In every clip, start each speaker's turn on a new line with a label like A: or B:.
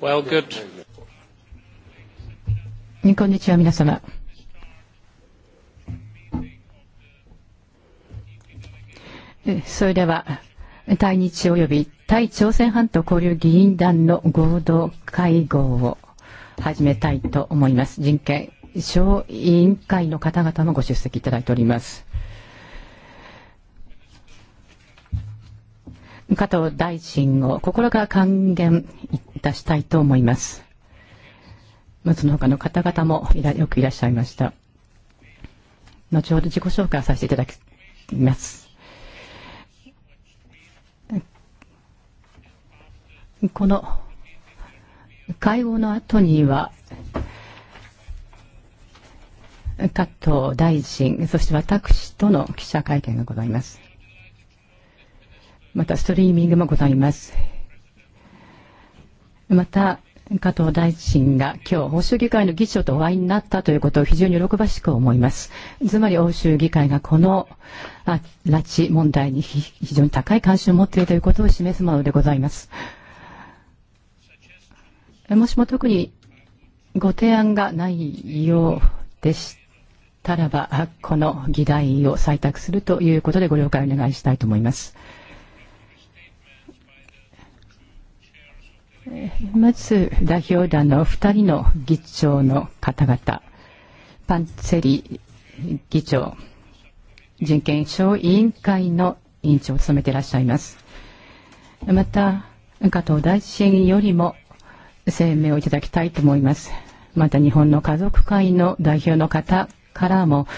A: Well, good.
B: こんにちは、皆様。それでは、対日及び対朝鮮半島交流議員団の合同会合を始めたいと思います。人権小委員会の方々もご出席いただいております。加藤大臣を心から還元いたしたいと思います。まその他の方々もいらよくいらっしゃいました。後ほど自己紹介させていただきます。この会合の後には、加藤大臣、そして私との記者会見がございます。Mata またストリーミングもございます。また、加藤大臣が今日、欧州議会の議長とお会いになったということを非常に喜ばしく思います。つまり欧州議会がこのあ拉致問題に非常に高い関心を持っているということを示すものでございます。もしも特にご提案がないようでしたらば、この議題を採択するということでご了解をお願いしたいと思います。まず代表団の2人の議長の方々パンツェリ議長人権省委員会の委員長を務めていらっしゃいますまた加藤大臣よりも声明をいただきたいと思いますまた日本の家族会の代表の方からも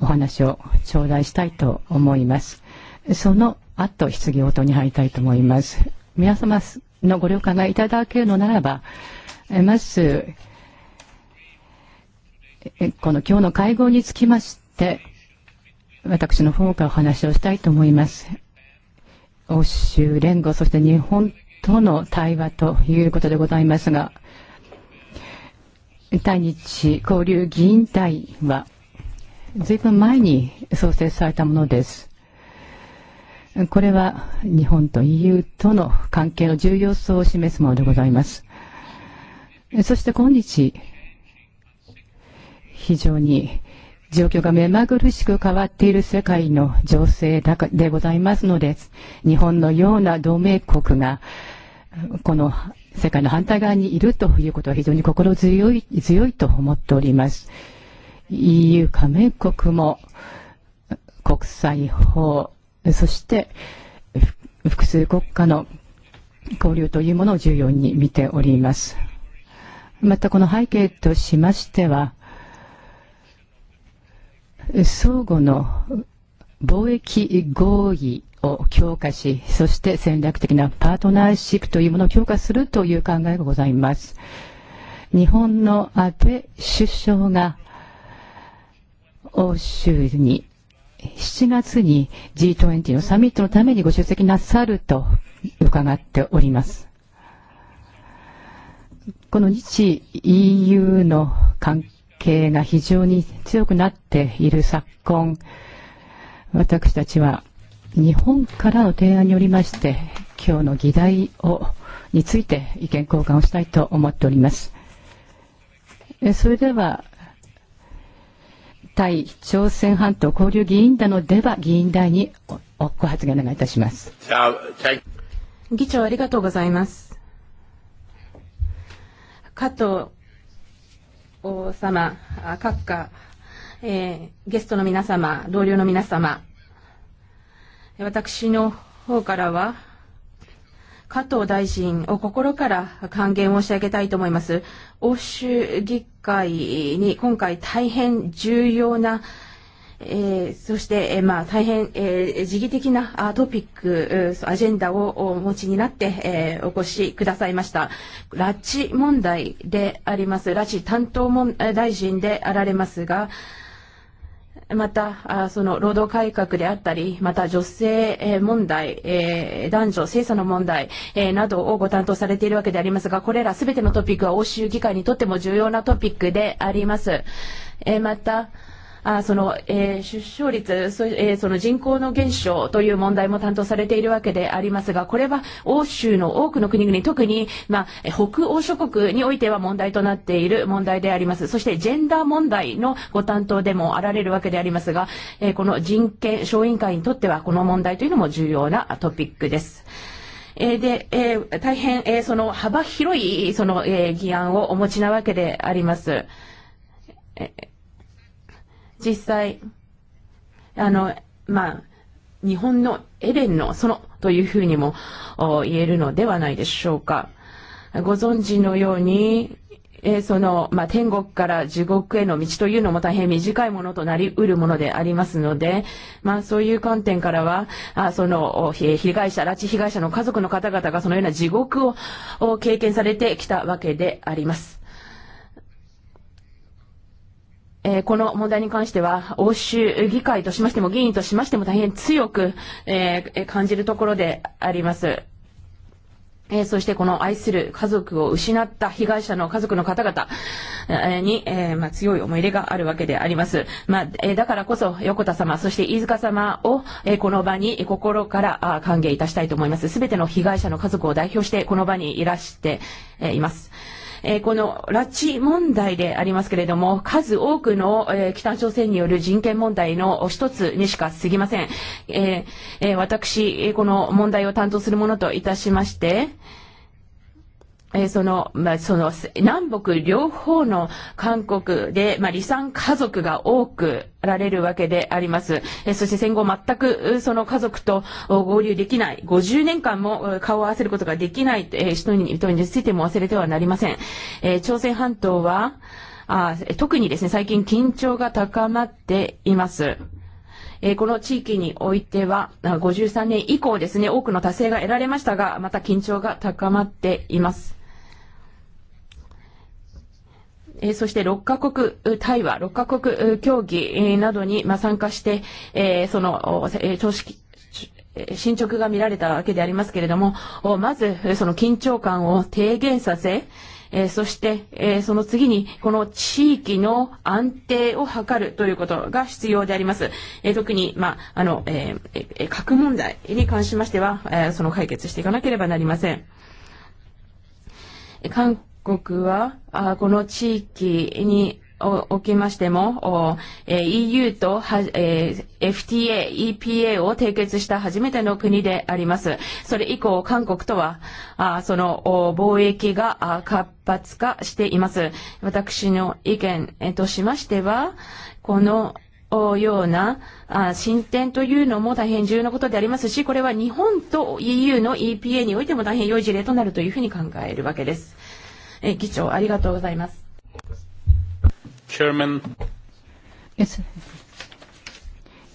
B: お話を頂戴したいと思いますその後質疑応答に入りたいと思います皆様のご了解がいただけるのならば、まず、この今日の会合につきまして、私の方からお話をしたいと思います。欧州連合、そして日本との対話ということでございますが、対日交流議員隊は、ずいぶん前に創設されたものです。これは日本と EU との関係の重要さを示すものでございます。そして今日、非常に状況が目まぐるしく変わっている世界の情勢でございますので、日本のような同盟国がこの世界の反対側にいるということは非常に心強い強いと思っております。EU 加盟国も国際法そして複数国家の交流というものを重要に見ております。またこの背景としましては、相互の貿易合意を強化し、そして戦略的なパートナーシップというものを強化するという考えがございます。日本の安倍首相が欧州に7月に G20 のサミットのためにご出席なさると伺っております。この日 EU の関係が非常に強くなっている昨今、私たちは日本からの提案によりまして、今日の議題をについて意見交換をしたいと思っております。それでは、対朝鮮半島交流議員団の出馬議員団に
C: おご発言お願いいたします。議長ありがとうございます。加藤王様、閣下、えー、ゲストの皆様、同僚の皆様、私の方からは、加藤大臣を心から歓迎申し上げたいと思います。欧州議会に今回大変重要なえー、そして、えーまあ、大変、えー、時期的なトピック、アジェンダをお持ちになって、えー、お越しくださいました。拉致問題であります。拉致担当も大臣であられますが、また、その労働改革であったり、また女性問題、男女性差の問題などをご担当されているわけでありますが、これらすべてのトピックは欧州議会にとっても重要なトピックであります。また、あその、えー、出生率そ、えー、その人口の減少という問題も担当されているわけでありますが、これは欧州の多くの国々、特に、まあ、北欧諸国においては問題となっている問題であります。そして、ジェンダー問題のご担当でもあられるわけでありますが、えー、この人権小委員会にとっては、この問題というのも重要なトピックです。えー、で、えー、大変、えー、その幅広い、その、えー、議案をお持ちなわけであります。えー ah, 実際、あの、まあ、日本のエレンの園というふうにも言えるのではないでしょうか。ご存知のように、えー、その、まあ、天国から地獄への道というのも大変短いものとなりうるものでありますので、まあ、そういう観点からは、あその、被害者、拉致被害者の家族の方々がそのような地獄を経験されてきたわけであります。えー、この問題に関しては、欧州議会としましても議員としましても大変強く、えー、感じるところであります。えー、そしてこの愛する家族を失った被害者の家族の方々に、えーまあ、強い思い入れがあるわけであります。まあえー、だからこそ横田様、そして飯塚様を、えー、この場に心からあ歓迎いたしたいと思います。すべての被害者の家族を代表してこの場にいらして、えー、います。Eh, えー、この拉致問題でありますけれども、数多くの、えー、北朝鮮による人権問題の一つにしか過ぎません。えーえー、私、この問題を担当するものといたしまして、eh, えー、その、まあ、その、南北両方の韓国で、まあ、離散家族が多くられるわけであります。えー、そして戦後全くその家族と合流できない、50年間も顔を合わせることができない、えー、人に、人についても忘れてはなりません。えー、朝鮮半島は、あ特にですね、最近緊張が高まっています。えー、この地域においては、53年以降ですね、多くの達成が得られましたが、また緊張が高まっています。Eh, えそして6カ国対話、6カ国協議などに、まあ、参加して、えその、えー、進捗が見られたわけでありますけれども、まずその緊張感を低減させ、えー、そして、えー、その次に、この地域の安定を図るということが必要であります。えー、特に、まあ、あの、えー、核問題に関しましては、えー、その解決していかなければなりません。韓 eh, 国はあこの地域におきましても、えー、EU とは、えー、FTA、EPA を締結した初めての国であります。それ以降、韓国とは、あその貿易が活発化しています。私の意見としましては、このような進展というのも大変重要なことでありますし、これは日本と EU の EPA においても大変良い事例となるというふうに考えるわけです。議長ありがとうございます。
D: Chairman.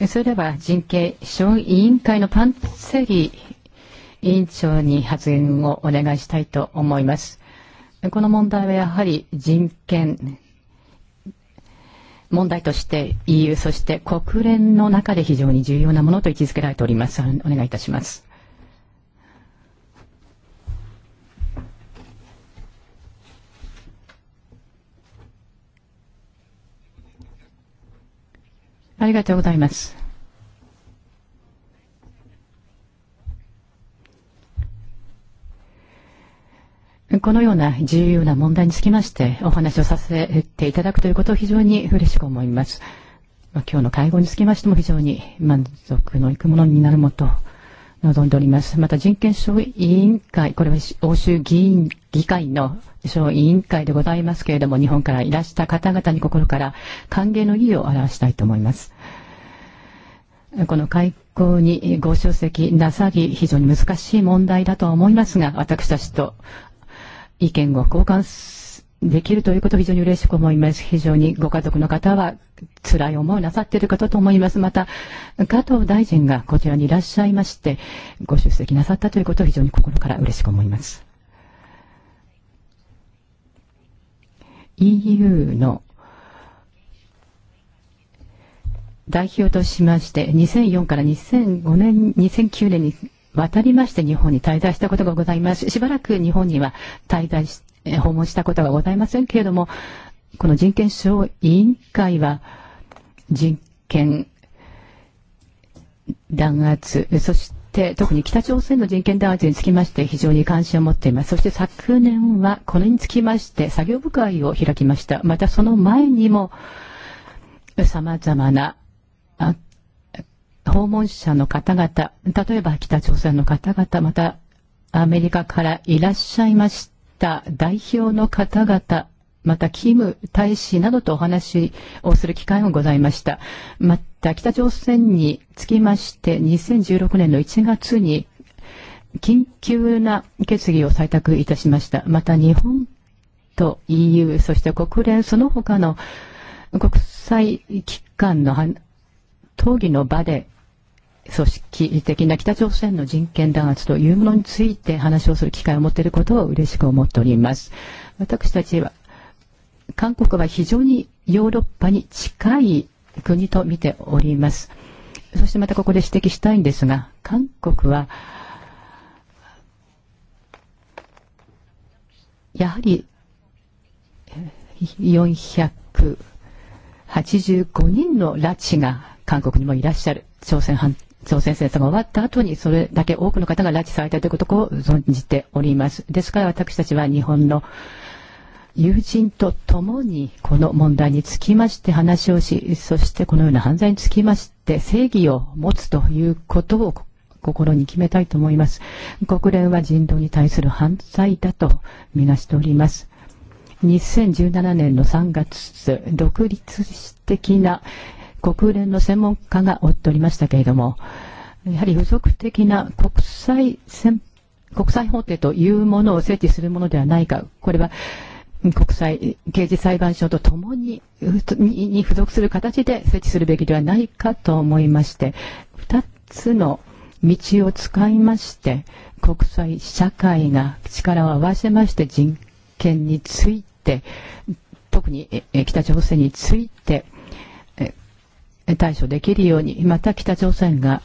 B: それでは人権小委員会のパンセリ委員長に発言をお願いしたいと思います。この問題はやはり人権問題として EU そして国連の中で非常に重要なものと位置づけられております。お願いいたします。ありがとうございます。このような重要な問題につきましてお話をさせていただくということを非常に嬉しく思います。まあ、今日の会合につきましても非常に満足のいくものになるもと望んでおります。また人権省委員会、これは欧州議員議会の小委員会でございますけれども、日本からいらした方々に心から歓迎の意を表したいと思います。この会考にご出席なさり、非常に難しい問題だとは思いますが、私たちと意見を交換できるということを非常に嬉しく思います。非常にご家族の方は辛い思いをなさっていることと思います。また、加藤大臣がこちらにいらっしゃいまして、ご出席なさったということを非常に心から嬉しく思います。EU の代表としまして、2004から2005年、2009年に渡りまして日本に滞在したことがございます。しばらく日本には滞在し、訪問したことがございませんけれども、この人権省委員会は人権弾圧、そしてて、特に北朝鮮の人権弾圧につきまして非常に関心を持っています。そして昨年はこれにつきまして作業部会を開きました。またその前にも、様々な訪問者の方々、例えば北朝鮮の方々、またアメリカからいらっしゃいました代表の方々また、キム大使などとお話をする機会もございました。また、北朝鮮につきまして、2016年の1月に緊急な決議を採択いたしました。また、日本と EU、そして国連、その他の国際機関の討議の場で組織的な北朝鮮の人権弾圧というものについて話をする機会を持っていることを嬉しく思っております。私たちは韓国は非常にヨーロッパに近い国と見ております。そしてまたここで指摘したいんですが、韓国は、やはり485人の拉致が韓国にもいらっしゃる。朝鮮半朝鮮戦争が終わった後にそれだけ多くの方が拉致されたということを存じております。ですから私たちは日本の友人と共にこの問題につきまして話をし、そしてこのような犯罪につきまして正義を持つということを心に決めたいと思います。国連は人道に対する犯罪だとみなしております。2017年の3月、独立的な国連の専門家がおっておりましたけれども、やはり付属的な国際戦国際法廷というものを設置するものではないか、これは国際刑事裁判所とともににに付属する形で設置するべきではないかと思いまして2つの道を使いまして国際社会が力を合わせまして人権について特に北朝鮮について対処できるようにまた北朝鮮が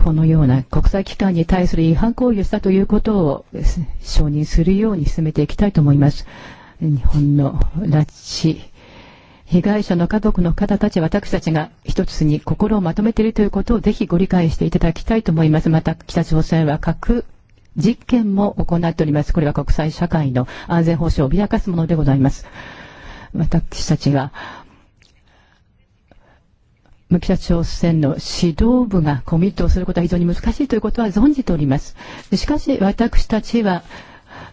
B: このような国際機関に対する違反行為をしたということを承認するように進めていきたいと思います。日本の拉致被害者の家族の方たち、私たちが一つに心をまとめているということをぜひご理解していただきたいと思います。また、北朝鮮は核実験も行っております。これは国際社会の安全保障を脅かすものでございます。私たちが北朝鮮の指導部がコミットをすることは非常に難しいということは存じております。しかし私たちは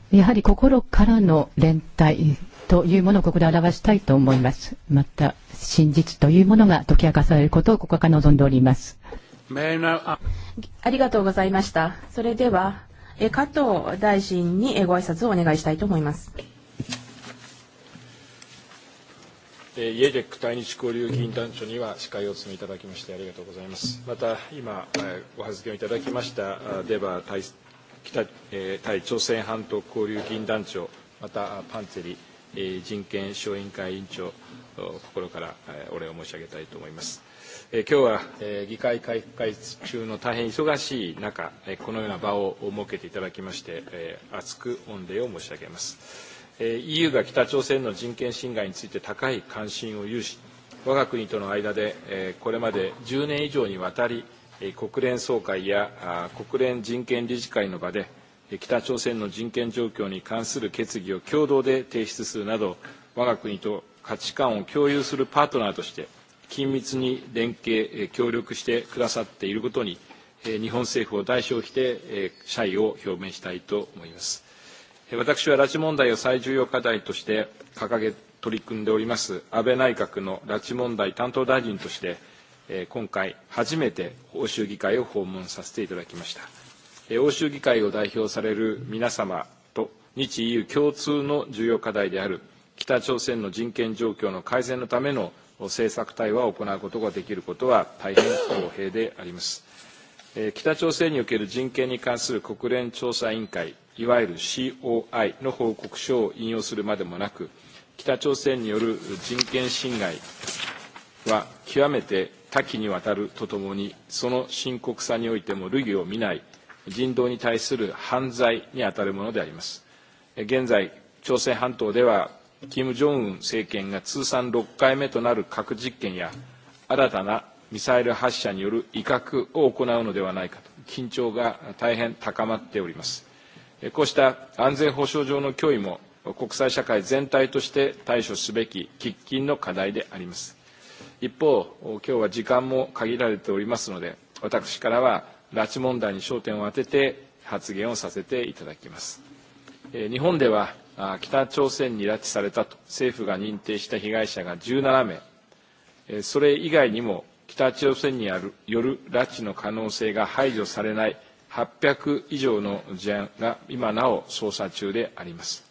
B: やはり心からの連帯というものをここで表したいと思います。また真実というものが解き明かされることをここから望んでおります。
A: あ
C: りがとうございました。それでは加藤大臣にご挨拶をお願いしたいと思います。
D: えー、家で区体に地交流議員団長には司会を務めいただきましてありがとうございます。また今、えー、ご発言をいただきましたデバ対北、えー、対朝鮮半島交流議員団長またパンツェリ、えー、人権小委員会委員長心からお礼を申し上げたいと思います。えー、今日は、えー、議会開会中の大変忙しい中、えー、このような場を設けていただきまして、えー、厚く御礼を申し上げます。EU が北朝鮮の人権侵害について高い関心を有し、我が国との間でこれまで10年以上にわたり国連総会や国連人権理事会の場で北朝鮮の人権状況に関する決議を共同で提出するなど我が国と価値観を共有するパートナーとして緊密に連携協力してくださっていることに日本政府を代表して謝意を表明したいと思います。私は拉致問題を最重要課題として掲げ取り組んでおります安倍内閣の拉致問題担当大臣として今回初めて欧州議会を訪問させていただきました欧州議会を代表される皆様と日 EU 共通の重要課題である北朝鮮の人権状況の改善のための政策対話を行うことができることは大変公平でありますえー、北朝鮮における人権に関する国連調査委員会、いわゆる COI の報告書を引用するまでもなく、北朝鮮による人権侵害は極めて多岐にわたるとともに、その深刻さにおいても類を見ない人道に対する犯罪にあたるものであります。現在、朝鮮半島では、金正恩政権が通算6回目となる核実験や、新たなミサイル発射による威嚇を行うのではないかと緊張が大変高まっておりますこうした安全保障上の脅威も国際社会全体として対処すべき喫緊の課題であります一方今日は時間も限られておりますので私からは拉致問題に焦点を当てて発言をさせていただきます日本では北朝鮮に拉致されたと政府が認定した被害者が17名それ以外にも北朝鮮による拉致の可能性が排除されない800以上の事案が今なお捜査中であります。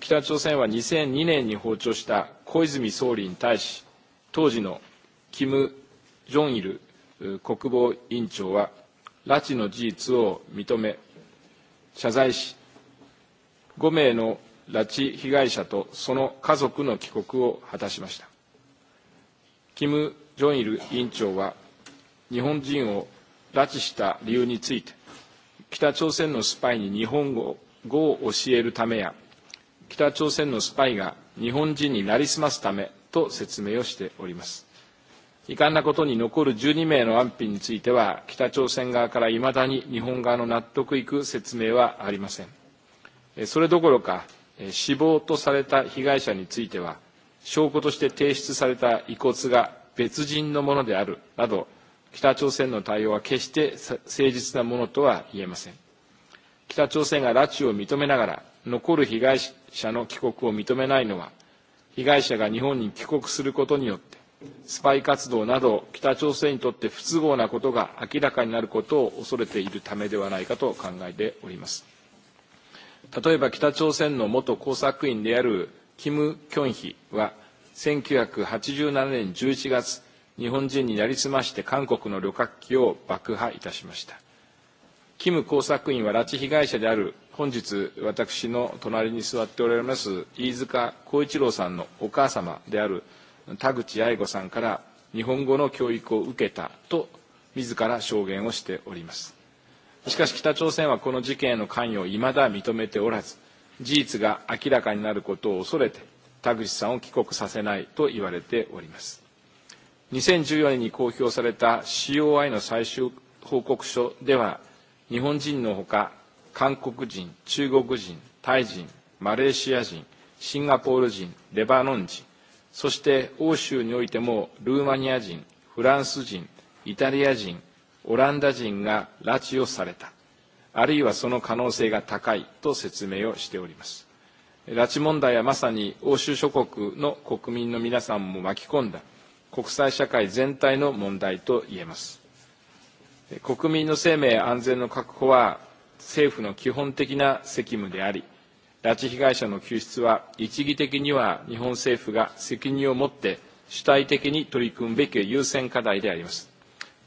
D: 北朝鮮は2002年に訪朝した小泉総理に対し、当時のキム・ジョンイル国防委員長は、拉致の事実を認め、謝罪し、5名の拉致被害者とその家族の帰国を果たしました。キム・ジョンイル委員長は日本人を拉致した理由について北朝鮮のスパイに日本語を教えるためや北朝鮮のスパイが日本人になりすますためと説明をしております遺憾なことに残る12名の安否については北朝鮮側からいまだに日本側の納得いく説明はありませんそれどころか死亡とされた被害者については証拠として提出された遺骨が別人のものであるなど北朝鮮の対応は決して誠実なものとは言えません北朝鮮が拉致を認めながら残る被害者の帰国を認めないのは被害者が日本に帰国することによってスパイ活動など北朝鮮にとって不都合なことが明らかになることを恐れているためではないかと考えております例えば北朝鮮の元工作員であるキム・キョンヒは1987年11月日本人になりすまして韓国の旅客機を爆破いたしましたキム工作員は拉致被害者である本日私の隣に座っておられます飯塚幸一郎さんのお母様である田口八重子さんから日本語の教育を受けたと自ら証言をしておりますしかし北朝鮮はこの事件への関与をいまだ認めておらず事実が明らかになることを恐れて田口さんを帰国させないと言われております2014年に公表された COI の最終報告書では日本人のほか韓国人中国人タイ人マレーシア人シンガポール人レバノン人そして欧州においてもルーマニア人フランス人イタリア人オランダ人が拉致をされたあるいはその可能性が高いと説明をしております。拉致問題はまさに欧州諸国の国民の皆さんも巻き込んだ国際社会全体の問題と言えます。国民の生命安全の確保は政府の基本的な責務であり、拉致被害者の救出は一義的には日本政府が責任を持って主体的に取り組むべき優先課題であります。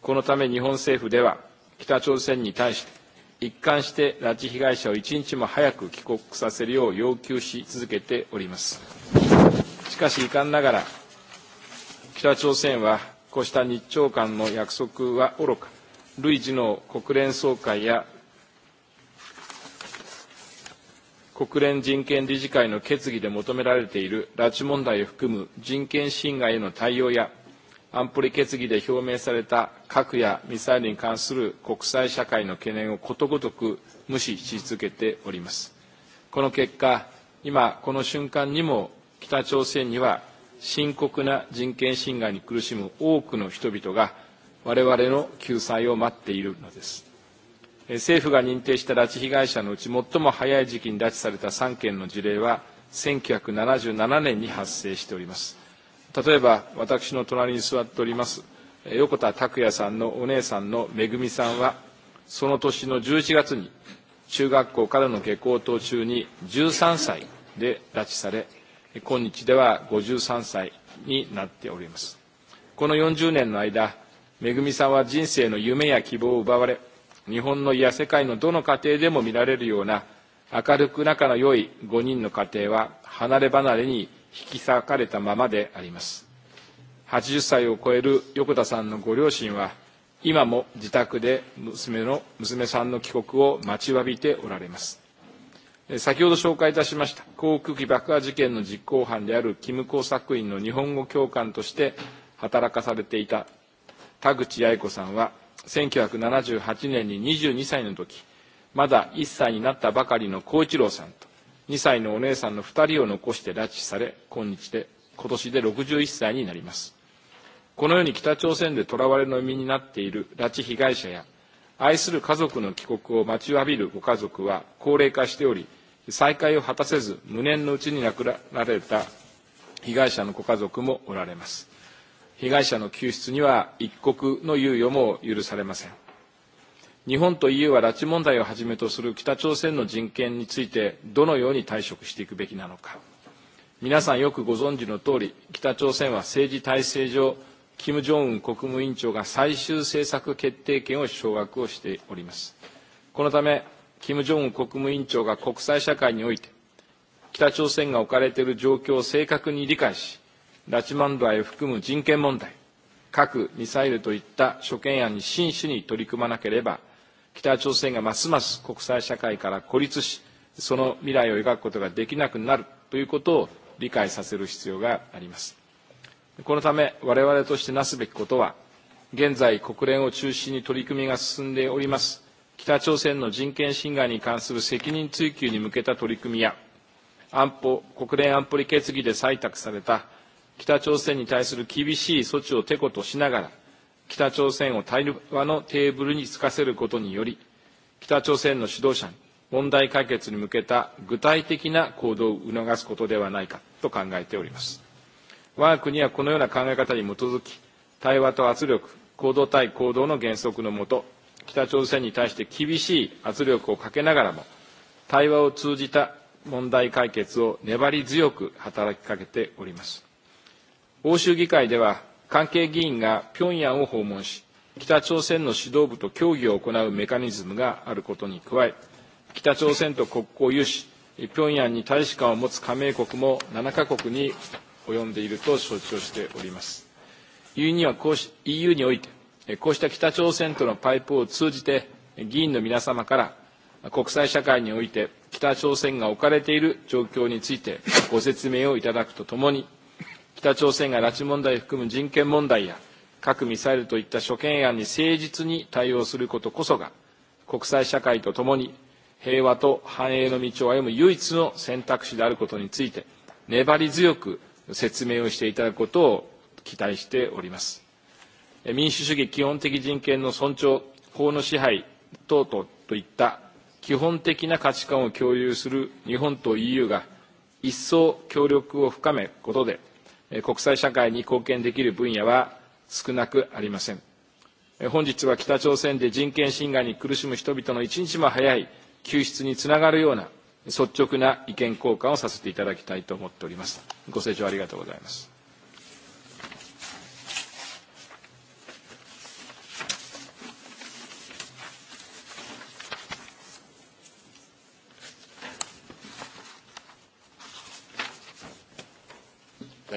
D: このため日本政府では北朝鮮に対して一貫して拉致被害者を一日も早く帰国させるよう要求し続けております。しかし遺憾ながら北朝鮮はこうした日朝間の約束はおろか類似の国連総会や国連人権理事会の決議で求められている拉致問題を含む人権侵害への対応や安保理決議で表明された核やミサイルに関する国際社会の懸念をことごとく無視し続けております。この結果、今この瞬間にも北朝鮮には深刻な人権侵害に苦しむ多くの人々が我々の救済を待っているのです。政府が認定した拉致被害者のうち最も早い時期に拉致された3件の事例は1977年に発生しております。例えば私の隣に座っております横田拓也さんのお姉さんのめぐみさんはその年の11月に中学校からの下校途中に13歳で拉致され今日では53歳になっておりますこの40年の間めぐみさんは人生の夢や希望を奪われ日本のいや世界のどの家庭でも見られるような明るく仲の良い5人の家庭は離れ離れに引き裂かれたままであります。80歳を超える横田さんのご両親は、今も自宅で娘の娘さんの帰国を待ちわびておられます。先ほど紹介いたしました航空機爆破事件の実行犯であるキム工作員の日本語教官として働かされていた田口八重子さんは1978年に22歳の時まだ1歳になったばかりの幸一郎さんと2歳のお姉さんの2人を残して拉致され、今日で、今年で61歳になります。このように北朝鮮で囚われの身になっている拉致被害者や、愛する家族の帰国を待ちわびるご家族は高齢化しており、再会を果たせず、無念のうちに亡くなられた被害者のご家族もおられます。被害者の救出には一刻の猶予も許されません。日本と EU は拉致問題をはじめとする北朝鮮の人権についてどのように対処していくべきなのか皆さんよくご存知の通り北朝鮮は政治体制上金正恩国務委員長が最終政策決定権を掌握をしておりますこのため金正恩国務委員長が国際社会において北朝鮮が置かれている状況を正確に理解し拉致問題を含む人権問題核・ミサイルといった諸懸案に真摯に取り組まなければ北朝鮮がますます国際社会から孤立し、その未来を描くことができなくなるということを理解させる必要があります。このため、我々としてなすべきことは、現在国連を中心に取り組みが進んでおります、北朝鮮の人権侵害に関する責任追及に向けた取り組みや、安保、国連安保理決議で採択された北朝鮮に対する厳しい措置をてことしながら、北朝鮮を対話のテーブルにつかせることにより、北朝鮮の指導者に問題解決に向けた具体的な行動を促すことではないかと考えております。我が国はこのような考え方に基づき、対話と圧力、行動対行動の原則のもと、北朝鮮に対して厳しい圧力をかけながらも、対話を通じた問題解決を粘り強く働きかけております。欧州議会では関係議員が平壌を訪問し、北朝鮮の指導部と協議を行うメカニズムがあることに加え、北朝鮮と国交を有し、平壌に大使館を持つ加盟国も7カ国に及んでいると承知をしております。EU にはこうしにおいて、こうした北朝鮮とのパイプを通じて、議員の皆様から国際社会において北朝鮮が置かれている状況についてご説明をいただくとともに、北朝鮮が拉致問題を含む人権問題や核・ミサイルといった諸懸案に誠実に対応することこそが国際社会とともに平和と繁栄の道を歩む唯一の選択肢であることについて粘り強く説明をしていただくことを期待しております。民主主義基本的人権の尊重、法の支配等々といった基本的な価値観を共有する日本と EU が一層協力を深めることで国際社会に貢献できる分野は少なくありません。本日は北朝鮮で人権侵害に苦しむ人々の一日も早い救出につながるような率直な意見交換をさせていただきたいと思っております。ご清聴ありがとうございます。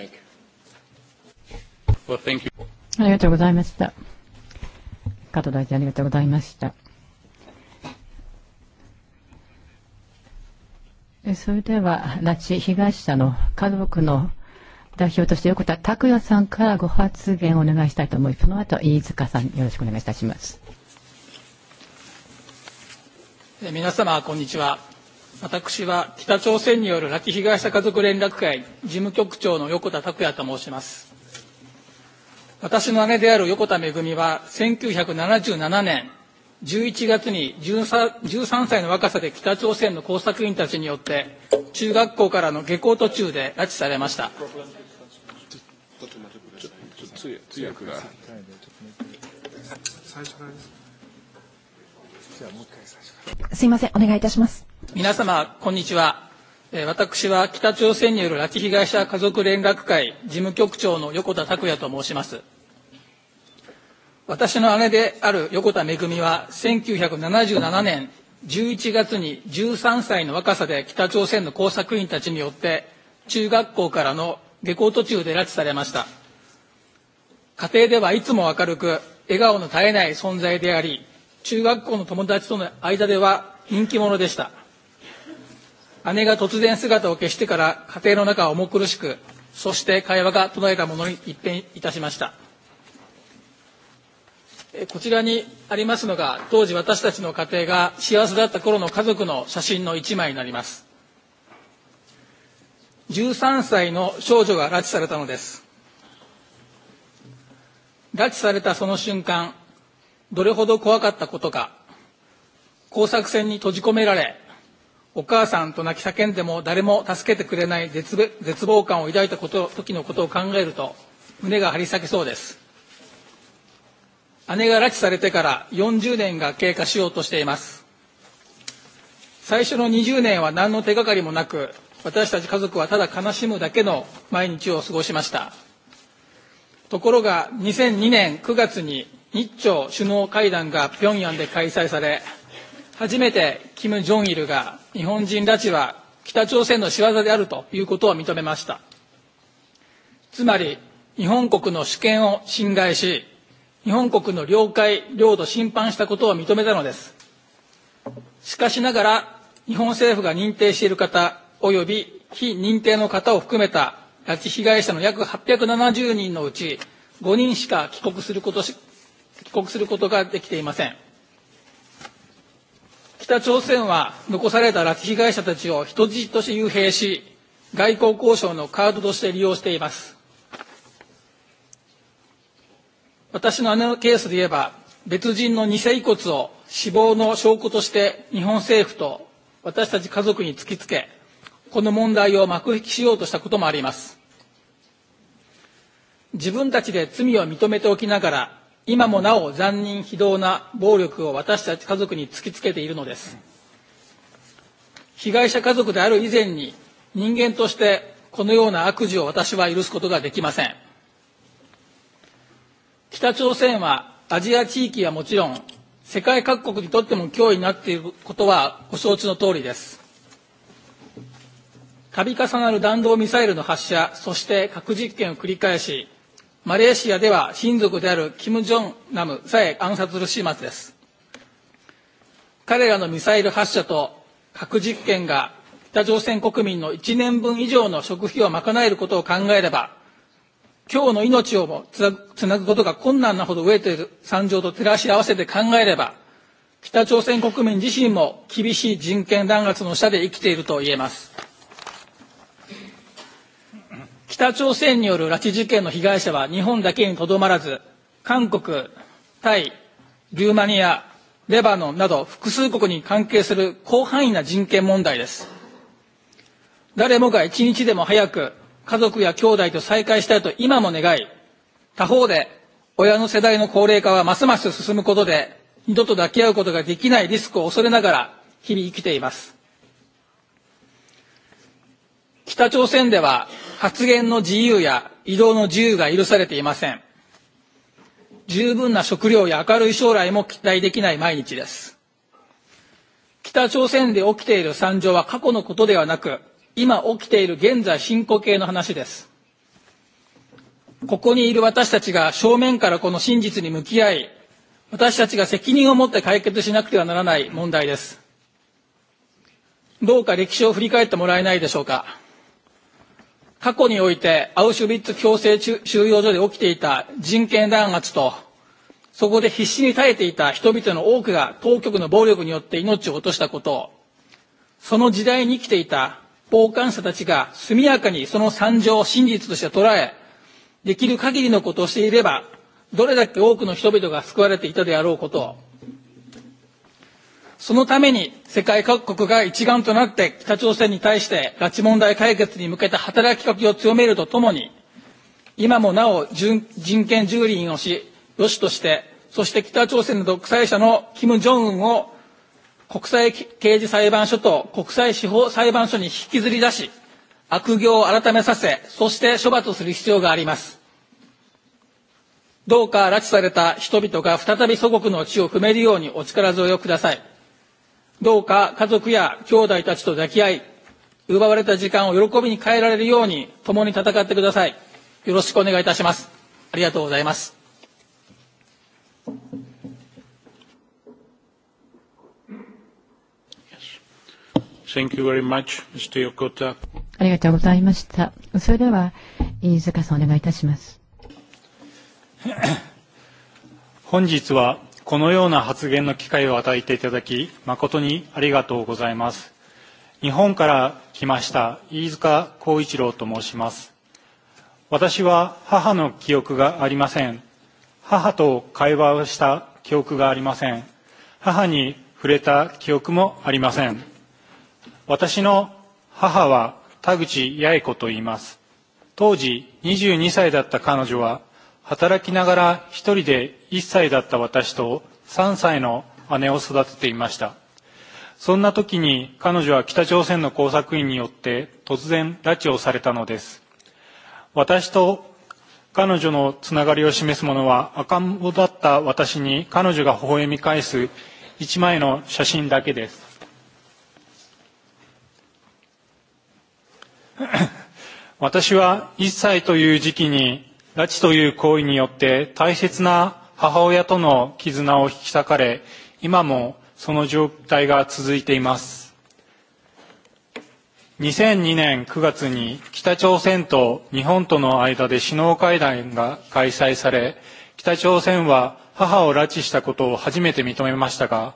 E: think. Well, thank you.
B: ありがとうございました。加藤大臣ありがとうございました。それでは、拉致被害者の家族の代表として横田拓也さんからご発言をお願いしたいと思い、その後、飯塚さん、よろしくお願いいたします。
E: 皆様、こんにちは。私は北朝鮮による拉致被害者家族連絡会事務局長の横田拓也と申します。私の姉である横田めぐみは1977年11月に 13, 13歳の若さで北朝鮮の工作員たちによって中学校からの下校途中で拉致されました。すいません、お願いいたします。皆様、こんにちは。私は北朝鮮による拉致被害者家族連絡会事務局長の横田拓也と申します。私の姉である横田めぐみは1977年11月に13歳の若さで北朝鮮の工作員たちによって中学校からの下校途中で拉致されました。家庭ではいつも明るく笑顔の絶えない存在であり、中学校の友達との間では人気者でした。姉が突然姿を消してから家庭の中は重苦しく、そして会話が途絶えたものに一変いたしました。こちらにありますのが、当時私たちの家庭が幸せだった頃の家族の写真の一枚になります。13歳の少女が拉致されたのです。拉致されたその瞬間、どれほど怖かったことか、工作船に閉じ込められ、お母さんと泣き叫んでも誰も助けてくれない絶絶望感を抱いたこと時のことを考えると胸が張り裂けそうです姉が拉致されてから40年が経過しようとしています最初の20年は何の手がかりもなく私たち家族はただ悲しむだけの毎日を過ごしましたところが2002年9月に日朝首脳会談が平壌で開催され初めてキムジョンイルが日本人拉致は北朝鮮の仕業であるということを認めましたつまり日本国の主権を侵害し日本国の領海領土侵犯したことを認めたのですしかしながら日本政府が認定している方及び非認定の方を含めた拉致被害者の約870人のうち5人しか帰国することし帰国することができていません北朝鮮は残された拉致被害者たちを人質として幽閉し、外交交渉のカードとして利用しています。私の姉のケースで言えば、別人の偽遺骨を死亡の証拠として日本政府と私たち家族に突きつけ、この問題を幕引きしようとしたこともあります。自分たちで罪を認めておきながら、今もなお残忍非道な暴力を私たち家族に突きつけているのです。被害者家族である以前に人間としてこのような悪事を私は許すことができません。北朝鮮はアジア地域はもちろん世界各国にとっても脅威になっていることはご承知の通りです。度重なる弾道ミサイルの発射、そして核実験を繰り返し、マレーシアでは親族であるキム・ジョンナムさえ暗殺する始末です。彼らのミサイル発射と核実験が北朝鮮国民の1年分以上の食費を賄えることを考えれば、今日の命をもつなぐことが困難なほど飢えている惨状と照らし合わせて考えれば、北朝鮮国民自身も厳しい人権弾圧の下で生きていると言えます。北朝鮮による拉致事件の被害者は日本だけにとどまらず、韓国、タイ、ルーマニア、レバノンなど複数国に関係する広範囲な人権問題です。誰もが一日でも早く家族や兄弟と再会したいと今も願い、他方で親の世代の高齢化はますます進むことで、二度と抱き合うことができないリスクを恐れながら日々生きています。北朝鮮では発言の自由や移動の自由が許されていません。十分な食料や明るい将来も期待できない毎日です。北朝鮮で起きている惨状は過去のことではなく、今起きている現在進行形の話です。ここにいる私たちが正面からこの真実に向き合い、私たちが責任を持って解決しなくてはならない問題です。どうか歴史を振り返ってもらえないでしょうか。過去において、アウシュビッツ強制収容所で起きていた人権弾圧と、そこで必死に耐えていた人々の多くが当局の暴力によって命を落としたこと、その時代に生きていた傍観者たちが速やかにその惨状を真実として捉え、できる限りのことをしていれば、どれだけ多くの人々が救われていたであろうこと、そのために世界各国が一丸となって北朝鮮に対して拉致問題解決に向けた働きかけを強めるとともに、今もなお人権蹂躙をし、良しとして、そして北朝鮮の独裁者の金正恩を国際刑事裁判所と国際司法裁判所に引きずり出し、悪行を改めさせ、そして処罰する必要があります。どうか拉致された人々が再び祖国の地を踏めるようにお力添えをください。どうか家族や兄弟たちと抱き合い、奪われた時間を喜びに変えられるように共に戦ってください。よろしくお願いいたします。ありがとうございます。
D: Thank you very much, Mr. Yokota.
B: ありがとうございました。それでは、飯塚さんお願いいたします。
A: 本日は このような発言の機会を与えていただき、誠にありがとうございます。日本から来ました飯塚幸一郎と申します。私は母の記憶がありません。母と会話をした記憶がありません。母に触れた記憶もありません。私の母は田口八重子と言います。当時22歳だった彼女は働きながら一人で1歳だった私と3歳の姉を育てていました。そんな時に彼女は北朝鮮の工作員によって突然拉致をされたのです。私と彼女のつながりを示すものは赤ん坊だった私に彼女が微笑み返す一枚の写真だけです。私は1歳という時期に 拉致という行為によって大切な母親との絆を引き裂かれ、今もその状態が続いています。2002年9月に北朝鮮と日本との間で首脳会談が開催され、北朝鮮は母を拉致したことを初めて認めましたが、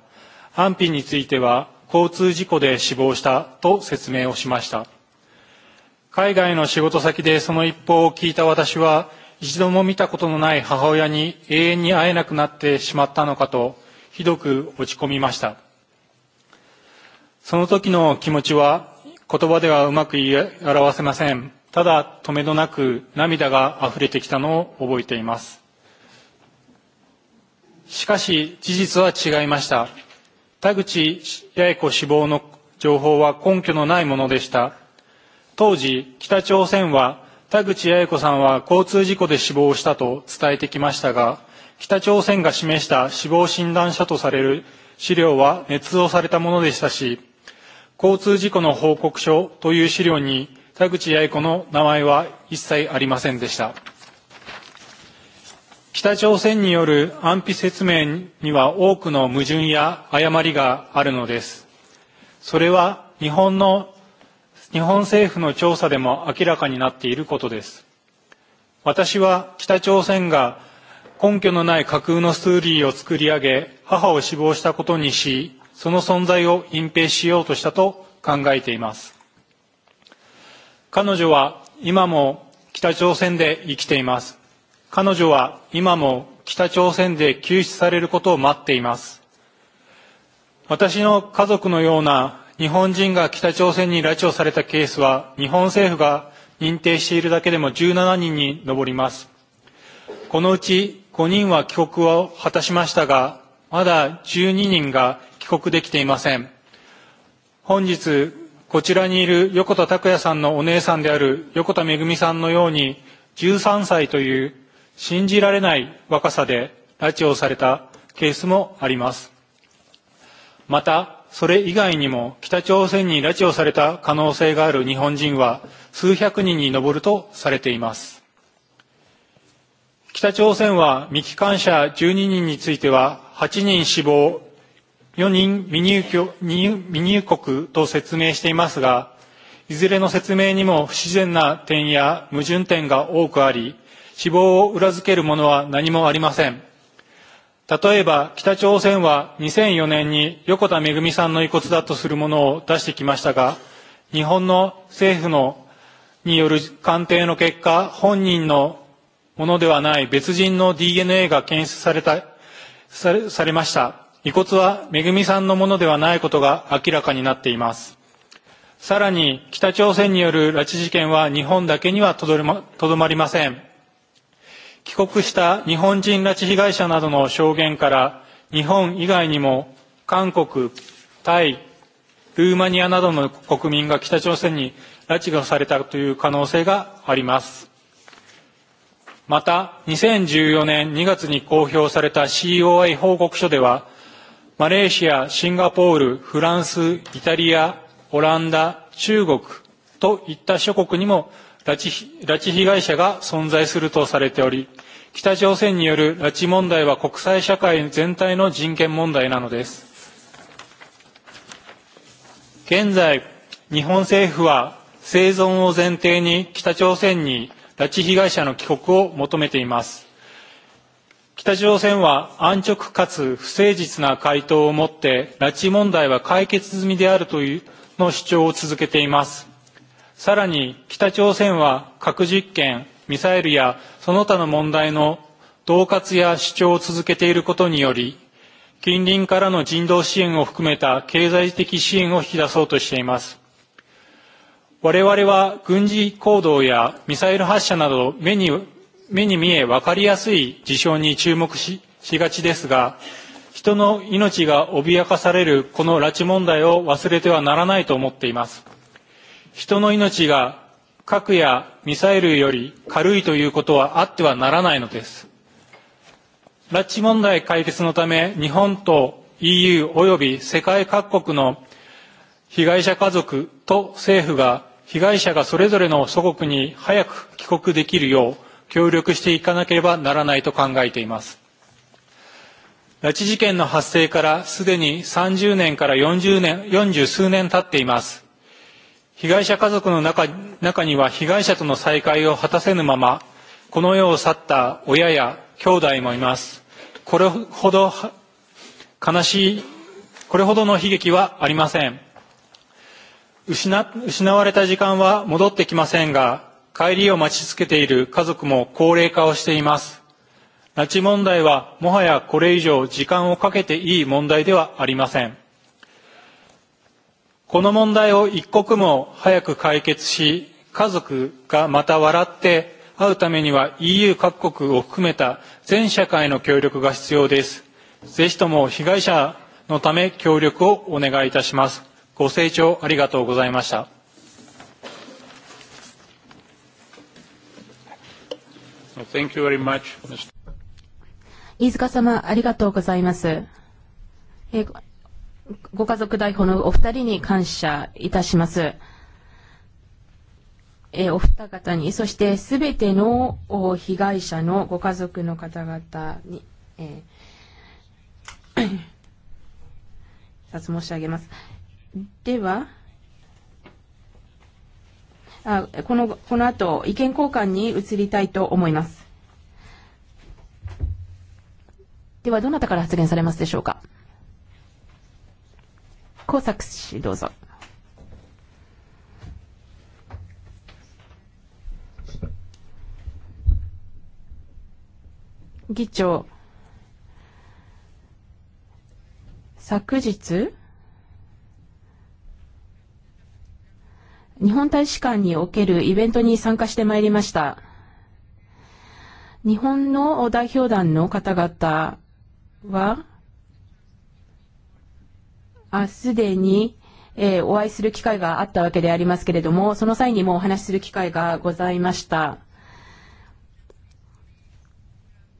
A: 安否については交通事故で死亡したと説明をしました。海外の仕事先でその一報を聞いた私は、一度も見たことのない母親に永遠に会えなくなってしまったのかとひどく落ち込みましたその時の気持ちは言葉ではうまく言い表せませんただ止めどなく涙が溢れてきたのを覚えていますしかし事実は違いました田口八重子死亡の情報は根拠のないものでした当時北朝鮮は田口八重子さんは交通事故で死亡したと伝えてきましたが、北朝鮮が示した死亡診断書とされる資料は捏造されたものでしたし、交通事故の報告書という資料に田口八重子の名前は一切ありませんでした。北朝鮮による安否説明には多くの矛盾や誤りがあるのです。それは日本の日本政府の調査でも明らかになっていることです。私は北朝鮮が根拠のない架空のストーリーを作り上げ、母を死亡したことにし、その存在を隠蔽しようとしたと考えています。彼女は今も北朝鮮で生きています。彼女は今も北朝鮮で救出されることを待っています。私の家族のような日本人が北朝鮮に拉致をされたケースは日本政府が認定しているだけでも17人に上りますこのうち5人は帰国を果たしましたがまだ12人が帰国できていません本日こちらにいる横田拓也さんのお姉さんである横田めぐみさんのように13歳という信じられない若さで拉致をされたケースもありますまたそれ以外にも北朝鮮に拉致をされた可能性がある日本人は数百人に上るとされています。北朝鮮は未帰還者12人については8人死亡、4人未入未入国と説明していますが、いずれの説明にも不自然な点や矛盾点が多くあり、死亡を裏付けるものは何もありません。例えば北朝鮮は2004年に横田めぐみさんの遺骨だとするものを出してきましたが日本の政府のによる鑑定の結果本人のものではない別人の DNA が検出されたされされました遺骨はめぐみさんのものではないことが明らかになっていますさらに北朝鮮による拉致事件は日本だけにはとどまりません帰国した日本人拉致被害者などの証言から日本以外にも韓国、タイ、ルーマニアなどの国民が北朝鮮に拉致がされたという可能性があります。また、2014年2月に公表された COI 報告書では、マレーシア、シンガポール、フランス、イタリア、オランダ、中国といった諸国にも拉致拉致被害者が存在するとされており、北朝鮮による拉致問題は国際社会全体の人権問題なのです。現在、日本政府は生存を前提に北朝鮮に拉致被害者の帰国を求めています。北朝鮮は安直かつ不誠実な回答をもって拉致問題は解決済みであるというの主張を続けています。さらに北朝鮮は核実験、ミサイルやその他の問題の恫喝や主張を続けていることにより、近隣からの人道支援を含めた経済的支援を引き出そうとしています。我々は軍事行動やミサイル発射など目に目に見え分かりやすい事象に注目ししがちですが、人の命が脅かされるこの拉致問題を忘れてはならないと思っています。人の命が核やミサイルより軽いということはあってはならないのです。拉致問題解決のため、日本と EU 及び世界各国の被害者家族と政府が被害者がそれぞれの祖国に早く帰国できるよう協力していかなければならないと考えています。拉致事件の発生からすでに30年から40年、40数年経っています。被害者家族の中中には被害者との再会を果たせぬまま、この世を去った親や兄弟もいます。これほど悲しい、これほどの悲劇はありません。失失われた時間は戻ってきませんが、帰りを待ちつけている家族も高齢化をしています。拉致問題はもはやこれ以上時間をかけていい問題ではありません。この問題を一刻も早く解決し、家族がまた笑って会うためには EU 各国を含めた全社会の協力が必要です。ぜひとも被害者のため協力をお願いいたします。ご清聴ありがとうございました。Thank you very much, Mr.
C: 飯塚様、ありがとうございます。えご家族代表のお二人に感謝いたします。えお二方に、そしてすべての被害者のご家族の方々に、えー、さつ申し上げます。では、あこの、この後、意見交換に移りたいと思います。では、どなたから発言されますでしょうか。小作氏どうぞ。議長、昨日、日本大使館におけるイベントに参加してまいりました。日本の代表団の方々は、あすでに、えー、お会いする機会があったわけでありますけれども、その際にもお話しする機会がございました。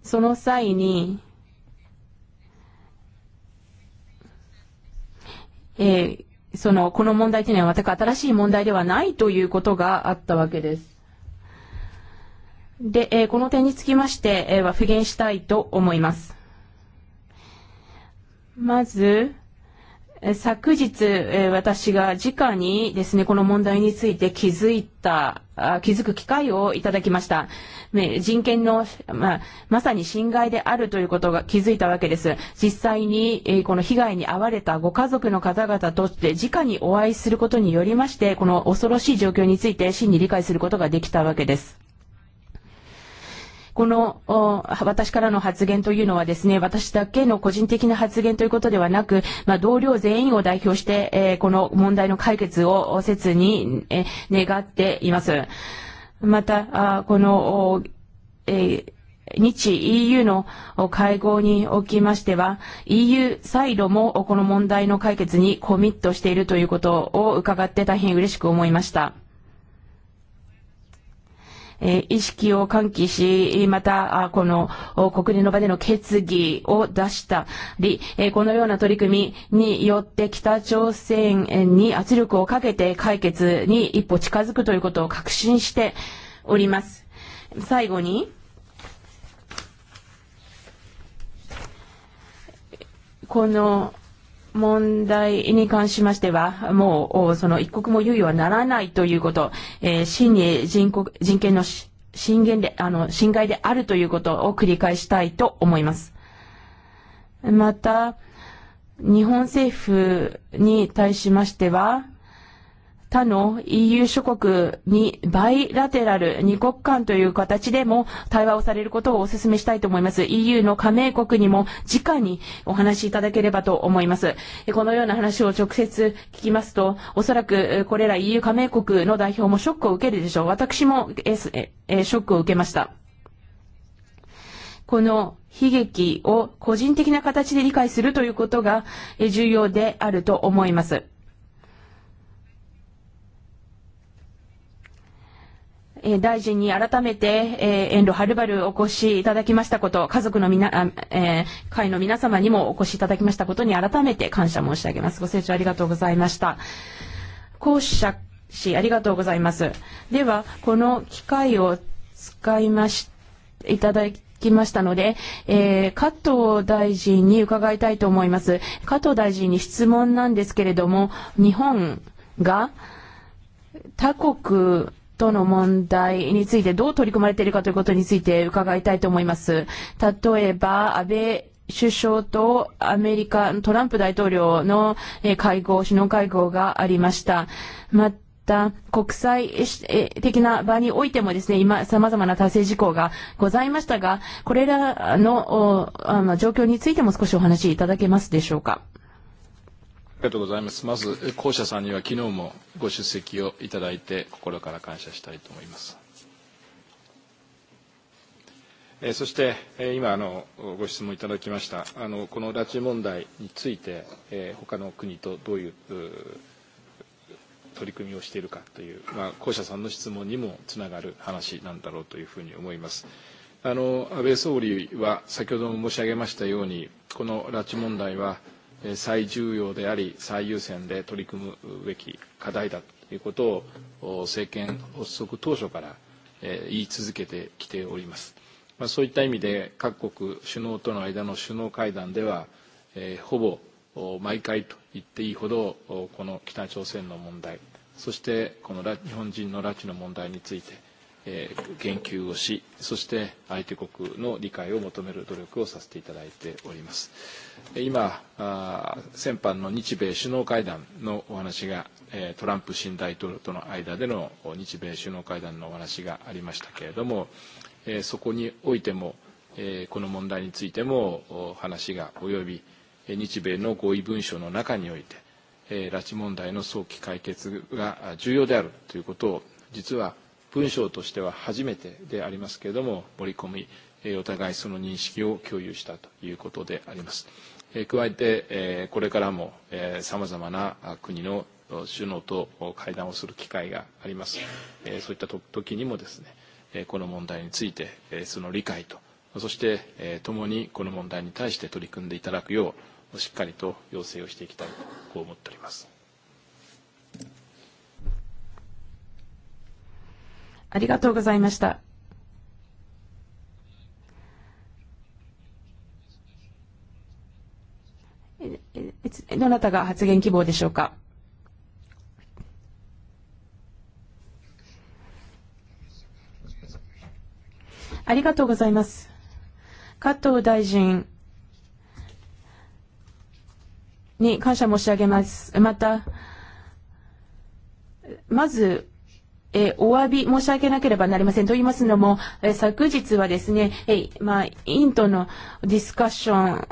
C: その際に、えー、その、この問題というのは全く新しい問題ではないということがあったわけです。で、えー、この点につきまして、えー、は、復元したいと思います。まず、昨日、私が直にですね、この問題について気づいた、気づく機会をいただきました。人権の、まあ、まさに侵害であるということが気づいたわけです。実際に、この被害に遭われたご家族の方々と直にお会いすることによりまして、この恐ろしい状況について真に理解することができたわけです。この私からの発言というのはですね、私だけの個人的な発言ということではなく、まあ、同僚全員を代表して、えー、この問題の解決を切に、えー、願っています。また、あこの、えー日 EU の会合におきましては EU サイドもこの問題の解決にコミットしているということを伺って大変嬉しく思いました。意識を喚起し、また、この国連の場での決議を出したり、このような取り組みによって北朝鮮に圧力をかけて解決に一歩近づくということを確信しております。最後に、この問題に関しましては、もう、その一刻も猶予はならないということ、えー、真に人国人権の侵害で、あの、侵害であるということを繰り返したいと思います。また、日本政府に対しましては、他の EU 諸国にバイラテラル2国間という形でも対話をされることをお勧めしたいと思います。EU の加盟国にも直にお話しいただければと思います。このような話を直接聞きますと、おそらくこれら EU 加盟国の代表もショックを受けるでしょう。私もええショックを受けました。この悲劇を個人的な形で理解するということが重要であると思います。えー、大臣に改めて、えー、遠路はるばるお越しいただきましたこと、家族のみな、えー、会の皆様にもお越しいただきましたことに改めて感謝申し上げます。ご清聴ありがとうございました。講釈し、ありがとうございます。では、この機会を使いまし、いただきましたので、えー、加藤大臣に伺いたいと思います。加藤大臣に質問なんですけれども、日本が他国 eh, との問題についてどう取り組まれているかということについて伺いたいと思います。例えば、安倍首相とアメリカ、トランプ大統領の会合、首脳会合がありました。また、国際的な場においてもですね、今、様々な達成事項がございましたが、これらの状況についても少しお話しいただけますでしょうか。
D: ありがとうございます。まず、校舎さんには昨日もご出席をいただいて、心から感謝したいと思います。えそして、え今あの、ご質問いただきましたあの、この拉致問題について、え他の国とどういう取り組みをしているかという、まあ、校舎さんの質問にもつながる話なんだろうというふうに思います。あの安倍総理は先ほども申し上げましたように、この拉致問題は、最重要であり最優先で取り組むべき課題だということを政権発足当初から言い続けてきております。まあ、そういった意味で各国首脳との間の首脳会談では、えー、ほぼ毎回と言っていいほどこの北朝鮮の問題そしてこの日本人の拉致の問題についてえー、言及をし、そして相手国の理解を求める努力をさせていただいております。今、あ先般の日米首脳会談のお話が、えー、トランプ新大統領との間での日米首脳会談のお話がありましたけれども、えー、そこにおいても、えー、この問題についても話が及び、日米の合意文書の中において、えー、拉致問題の早期解決が重要であるということを、実は文章としては初めてでありますけれども、盛り込み、えお互いその認識を共有したということであります。え加えて、えこれからも、えー、様々な国の首脳と会談をする機会があります。えそういった時にもですね、えこの問題について、えその理解と、そして、え共にこの問題に対して取り組んでいただくよう、しっかりと要請をしていきたいと、こう思っております。
C: ありがとうございました。どなたが発言希望でしょうかありがとうございます。加藤大臣に感謝申し上げます。また、まず、お詫び申し上げなければなりません。と言いますのも、昨日はですね、まあ、インとのディスカッション、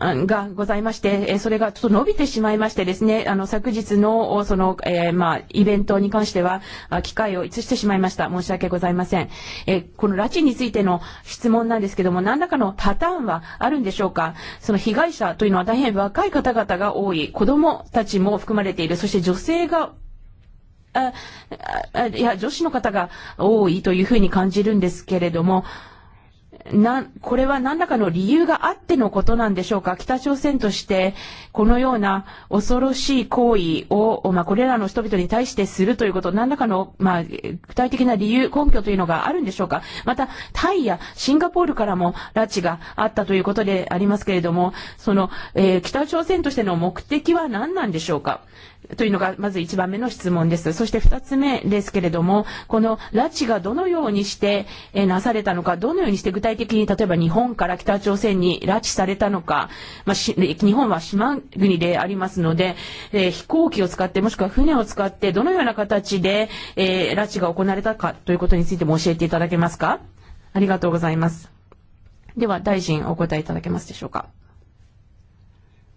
C: がございまして、それがちょっと伸びてしまいましてですね、あの昨日のその、えー、まあイベントに関しては機会を移してしまいました。申し訳ございません。えー、この拉致についての質問なんですけども、何らかのパターンはあるんでしょうか。その被害者というのは大変若い方々が多い、子供たちも含まれている、そして女性が eh, Eh, eh, eh, いや、女子の方が多いというふうに感じるんですけれども、なこれは何らかの理由があってのことなんでしょうか北朝鮮としてこのような恐ろしい行為をまあこれらの人々に対してするということ何らかのまあ具体的な理由根拠というのがあるんでしょうかまたタイやシンガポールからも拉致があったということでありますけれどもそのえー北朝鮮としての目的は何なんでしょうかというのがまず体的に例えば日本から北朝鮮に拉致されたのかまあし日本は島国でありますのでえー飛行機を使ってもしくは船を使ってどのような形でえー拉致が行われたかということについても教えていただけますかありがとうございますでは大臣お答えいただけますでしょうか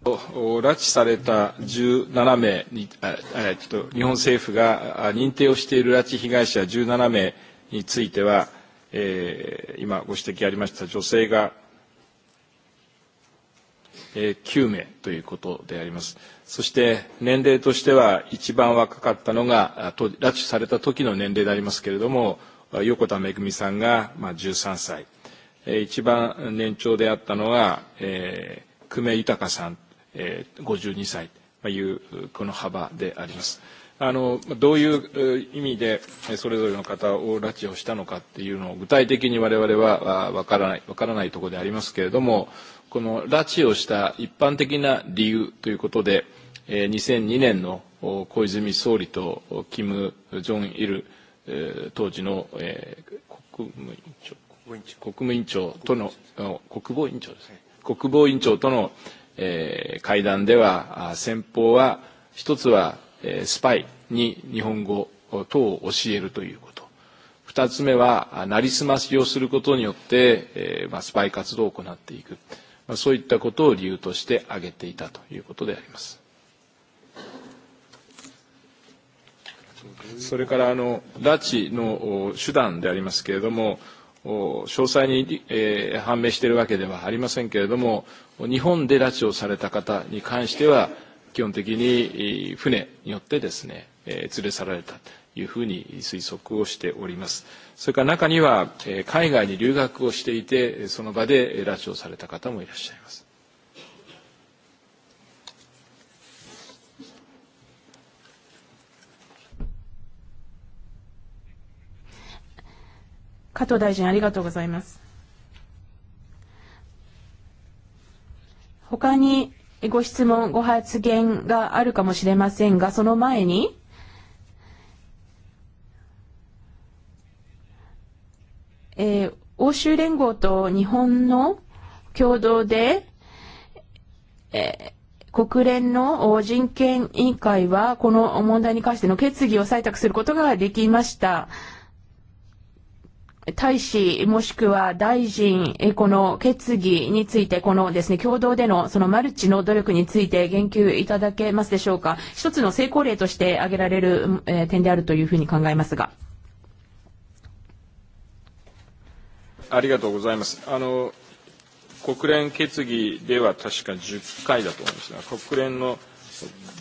D: 拉致された17名にあちょっと日本政府が認定をしている拉致被害者17名についてはえー、今ご指摘ありました女性が、えー、9名ということであります。そして年齢としては一番若かったのがと拉致された時の年齢でありますけれども横田めぐみさんが、まあ、13歳、えー、一番年長であったのが、えー、久米豊さん、えー、52歳というこの幅であります。Eh, あのどういう意味でそれぞれの方を拉致をしたのかっていうのを具体的に我々は分からない分からないところでありますけれどもこの拉致をした一般的な理由ということで2002年の小泉総理とキム・ジョン・イル当時の国務委員長国務委員長との国防委員長ですね国防委員長との会談では先方は一つはえー、スパイに日本語等を教えるということ。二つ目は、なりすましをすることによって、えーまあ、スパイ活動を行っていく。まあ、そういったことを理由として挙げていたということであります。それからあの拉致の手段でありますけれども、詳細に、えー、判明しているわけではありませんけれども、日本で拉致をされた方に関しては、基本的に船によってですね、えー、連れ去られたというふうに推測をしております。それから中には、えー、海外に留学をしていて、その場で拉致をされた方もいらっしゃいます。
C: 加藤大臣ありがとうございます。他にご質問、ご発言があるかもしれませんが、その前に、えー、欧州連合と日本の共同で、えー、国連の人権委員会はこの問題に関しての決議を採択することができました。大使もしくは大臣、この決議について、このですね、共同でのそのマルチの努力について言及いただけますでしょうか。一つの成功例として挙げられる、えー、点であるというふうに考えますが。
D: ありがとうございます。あの、国連決議では確か10回だと思うんですが、国連の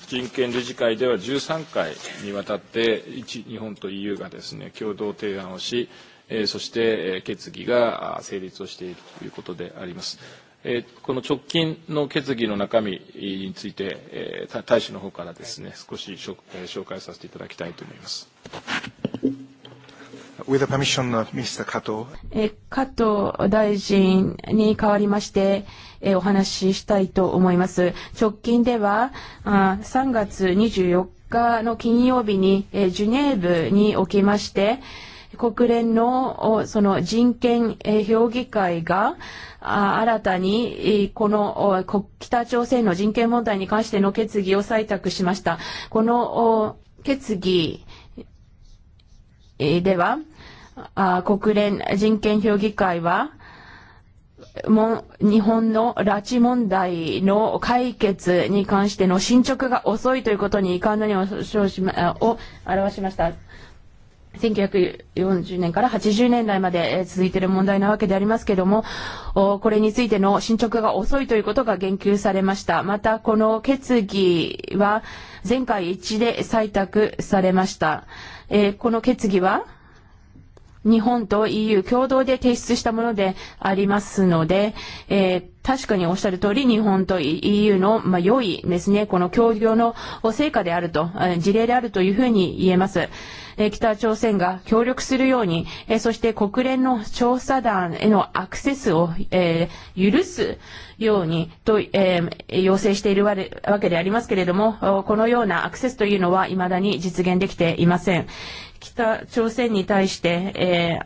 D: 人権理事会では13回にわたって、日本と EU がですね、共同提案をし、えー、そして、えー、決議が成立をしているということであります。えー、この直近の決議の中身について、えー、大使の方からですね、少し紹,、えー、紹介させていただきたいと思います。
A: With the permission of Mr.
C: Kato. 3月24日の金曜日にえジュネーブにおきましてえ国連のその人権評議会が新たにこの北朝鮮の人権問題に関しての決議を採択しました。この決議では国連人権評議会はも日本の拉致問題の解決に関しての進捗が遅いということに遺憾のにを表しました。1940年から80年代まで続いている問題なわけでありますけども、これについての進捗が遅いということが言及されました。また、この決議は前回一致で採択されました。えー、この決議は、日本と EU 共同で提出したものでありますので、えー、確かにおっしゃる通り日本と EU の、まあ、良いですね、この協業の成果であると、事例であるというふうに言えます。北朝鮮が協力するように、そして国連の調査団へのアクセスを、えー、許すようにと、えー、要請しているわけでありますけれども、このようなアクセスというのは未だに実現できていません。北朝鮮に対して、えー、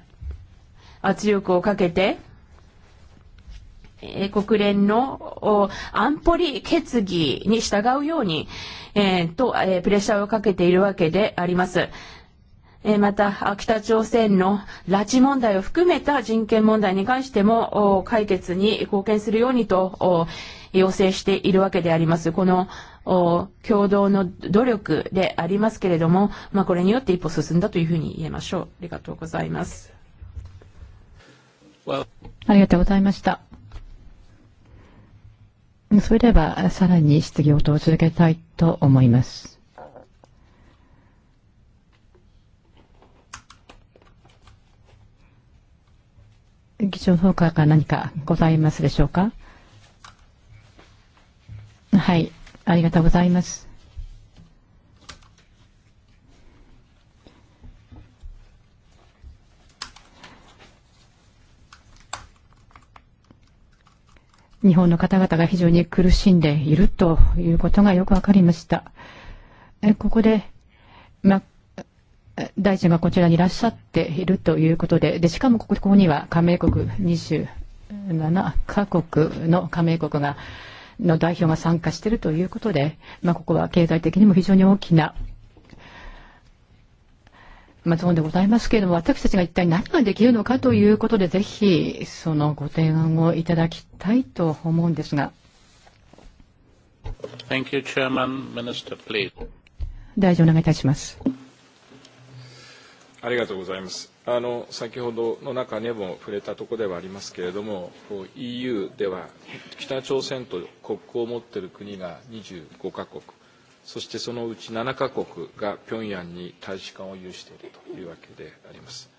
C: 圧力をかけて、えー、国連の安保理決議に従うように、えー、と、えー、プレッシャーをかけているわけであります。えー、また、北朝鮮の拉致問題を含めた人権問題に関しても解決に貢献するようにと要請しているわけであります。このを共同の努力でありますけれども、まあ、これによって一歩進んだというふうに言えましょう。ありがとうございます。
B: Well. ありがとうございました。それでは、さらに質疑応答を続けたいと思います。議長の方から何かございますでしょうかはい。ありがとうございます。日本の方々が非常に苦しんでいるということがよくわかりました。えここで、ま、大臣がこちらにいらっしゃっているということで、でしかもここには加盟国27カ国の加盟国が、の代表が参加しているということで、まあ、ここは経済的にも非常に大きな、まあ、ゾーンでございますけれども、私たちが一体何ができるのかということで、ぜひそのご提案をいただきたいと思うんですが。
D: Thank you, Chairman. Minister, please.
B: 大臣お願いいたします。
D: ありがとうございます。あの先ほどの中にも触れたところではありますけれども、EU では北朝鮮と国交を持っている国が25カ国、そしてそのうち7カ国が平壌に大使館を有しているというわけであります。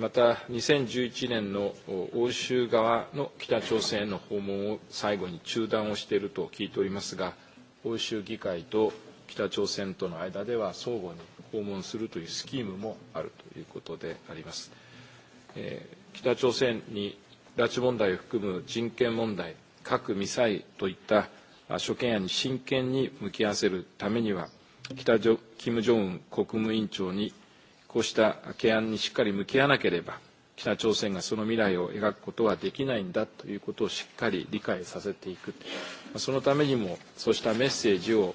D: また、2011年の欧州側の北朝鮮への訪問を最後に中断をしていると聞いておりますが、欧州議会と北朝鮮との間では相互に訪問するというスキームもあるということであります。えー、北朝鮮に拉致問題を含む人権問題、核・ミサイルといった諸懸案に真剣に向き合わせるためには、北金正恩国務委員長にこうした懸案にしっかり向き合わなければ、北朝鮮がその未来を描くことはできないんだということをしっかり理解させていく。そのためにも、そうしたメッセージを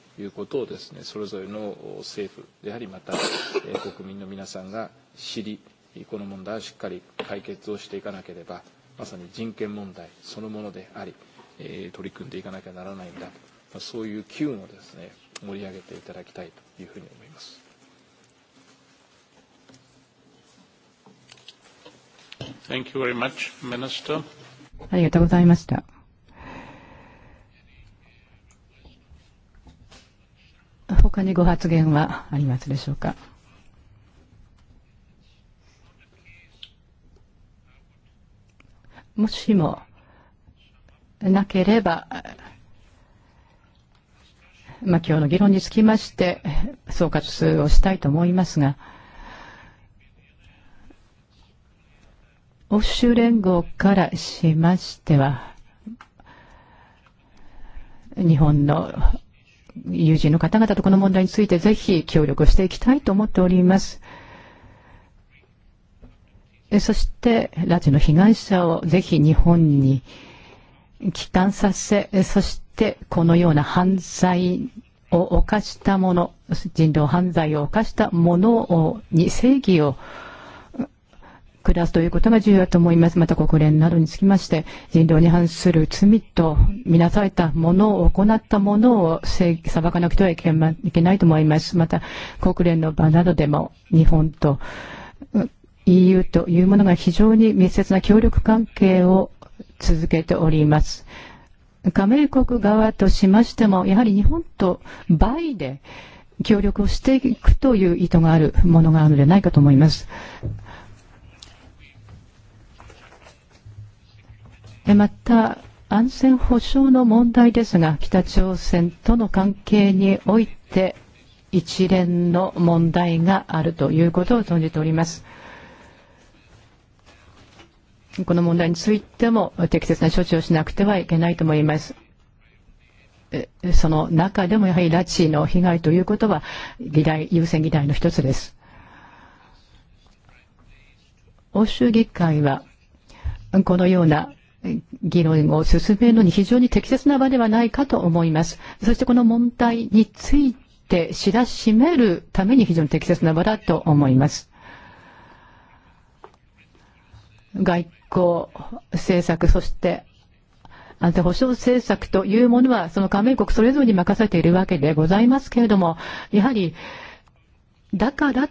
D: いうことをですね、それぞれの政府であり、また、えー、国民の皆さんが知り、この問題をしっかり解決をしていかなければ、まさに人権問題そのものであり、えー、取り組んでいかなきゃならないんだ、まあ、そういう機運をですね、盛り上げていただきたいというふうに思います。Thank you very much, Minister.
B: ありがとうございました。他にご発言はありますでしょうか。もしもなければ、まあ、今日の議論につきまして総括をしたいと思いますが、欧州連合からしましては、日本の友人の方々とこの問題についてぜひ協力していきたいと思っております。そして、拉致の被害者をぜひ日本に帰還させ、そしてこのような犯罪を犯した者、人道犯罪を犯した者に正義を下すということが重要だと思います。また国連などにつきまして、人道に反する罪とみなされたものを行ったものを裁かなくてはいけ,、ま、いけないと思います。また国連の場などでも日本と EU というものが非常に密接な協力関係を続けております。加盟国側としましても、やはり日本と倍で協力をしていくという意図があるものがあるのではないかと思います。また、安全保障の問題ですが、北朝鮮との関係において一連の問題があるということを存じております。この問題についても適切な処置をしなくてはいけないと思います。その中でもやはり拉致の被害ということは議題優先議題の一つです。欧州議会はこのような議論を進めるのに非常に適切な場ではないかと思います。そしてこの問題について知らしめるために非常に適切な場だと思います。外交政策、そして安全保障政策というものはその加盟国それぞれに任されているわけでございますけれども、やはりだから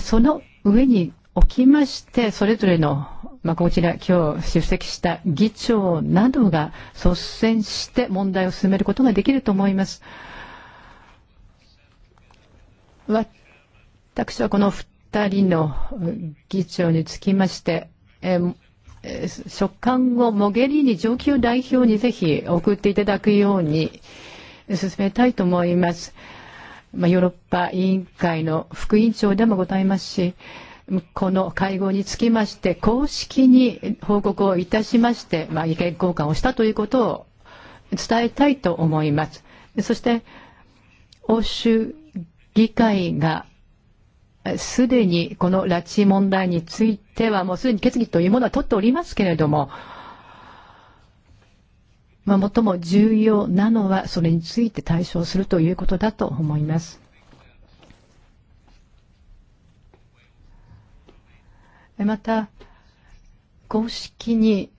B: その上におきましてそれぞれのまあ、こちら今日出席した議長などが率先して問題を進めることができると思います。私はこの2人の議長につきまして、えー所管をモゲリーニ上級代表にぜひ送っていただくように進めたいと思います。まあ、ヨーロッパ委員会の副委員長でもございますし、この会合につきまして、公式に報告をいたしまして、まあ、意見交換をしたということを伝えたいと思います。そして、欧州議会がすでにこの拉致問題については、もうすでに決議というものは取っておりますけれども、まあ、最も重要なのは、それについて対処するということだと思います。また公式に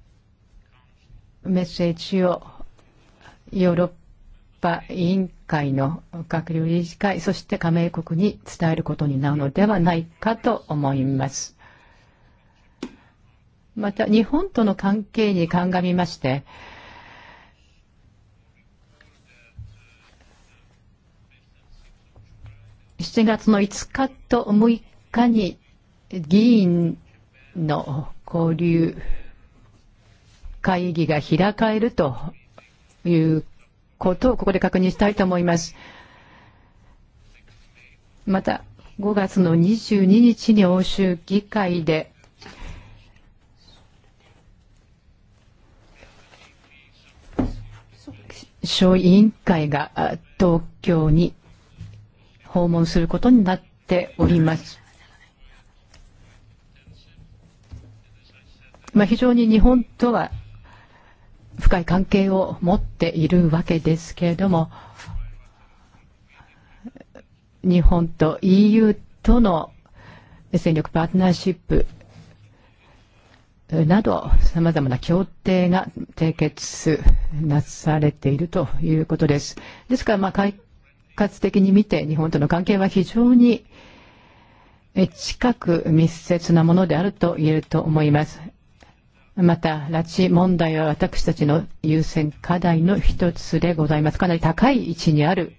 B: メッセージをヨーロッパ委員会の閣僚理事会そして加盟国に伝えることになるのではないかと思いますまた日本との関係に鑑みまして7月の5日と6日に議員の交流会議が開かれるということをここで確認したいと思いますまた5月の22日に欧州議会で小委員会が東京に訪問することになっておりますまあ、非常に日本とは深い関係を持っているわけですけれども日本と EU との戦力パートナーシップなど、さまざまな協定が締結なされているということです。ですから、まあ、快活的に見て、日本との関係は非常に近く密接なものであると言えると思います。また、拉致問題は私たちの優先課題の一つでございます。かなり高い位置にある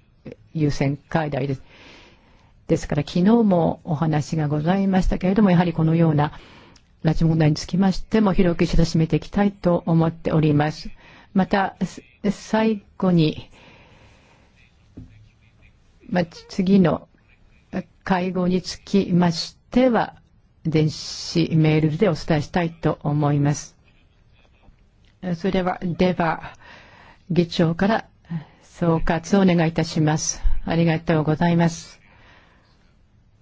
B: 優先課題です。ですから、昨日もお話がございましたけれども、やはりこのような拉致問題につきましても、広く知らしめていきたいと思っております。また、最後に、まあ、次の会合につきましては、電子メールでお伝えしたいと思います。それでは、では、議長から総括をお願いいたします。ありがとうございます。